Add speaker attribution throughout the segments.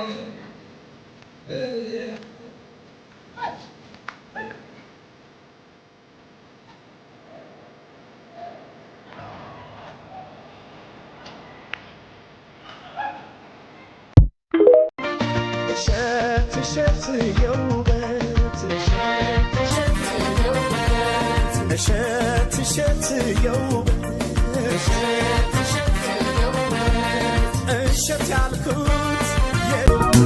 Speaker 1: Shut your mouth.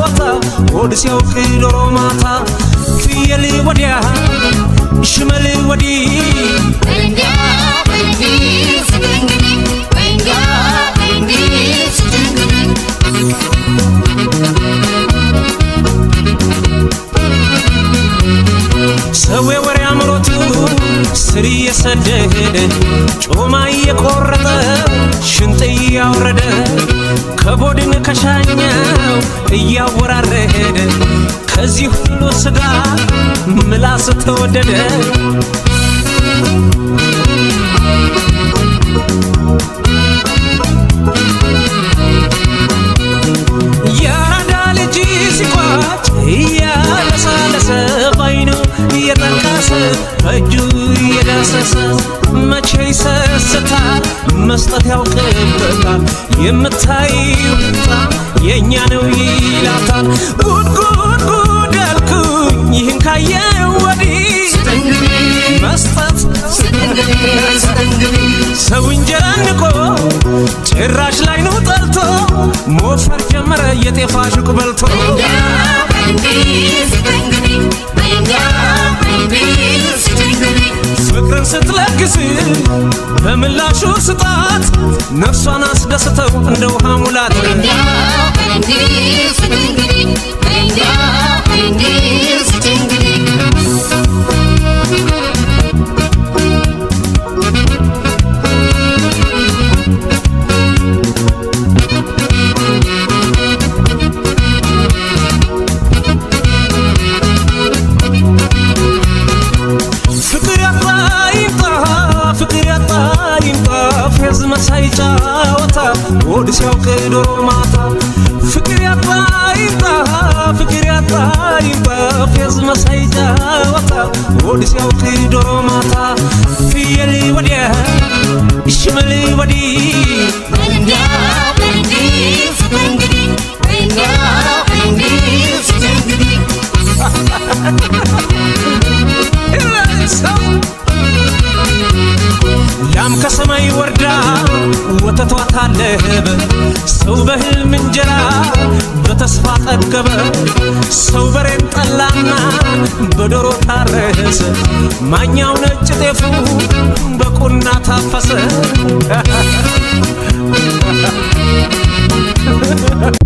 Speaker 1: ዋታ ወድ ያውቅ ዶሮ ማታ ፍየል ወዲያ ሽመል ወዲህ ስር እየሰደደ ጮማ እየቆረጠ ሽንጥ እያወረደ ከቦድን ከሻኛው እያወራረደ ከዚህ ሁሉ ስጋ ምላስ ተወደደ። ይሰስታል መስጠት ያውቅበታል የምታየው የእኛ ነው ይላታል ጉድ ጉድ ጉድ ያልኩኝ ይህን ካየ ወዲህ መስጠት ሰው እንጀራ ንቆ ጭራሽ ላይ ነው ጠልቶ ሞፈር ጀመረ የጤፋ አሹቅ በልቶ ጊዜ በምላሹ ስጣት ነፍሷን አስደስተው እንደ ውሃ ሙላት ሆድ ሲያውቅ ዶሮ ማታ ፍቅር ያጣ ይምጣ ፍቅር ያጣ ይምጣ ፌዝ መሳይ ጨዋታ ሆድ ሲያውቅ ዶሮ ማታ ፍየል ወዲያ ሽመል ወዲህ በኛ ላም ከሰማይ ወርድ አጥቷ ሰው በህልም እንጀራ በተስፋ ጠገበ። ሰው በሬን ጠላና በዶሮ ታረሰ። ማኛው ነጭ ጤፉ በቁና ታፈሰ።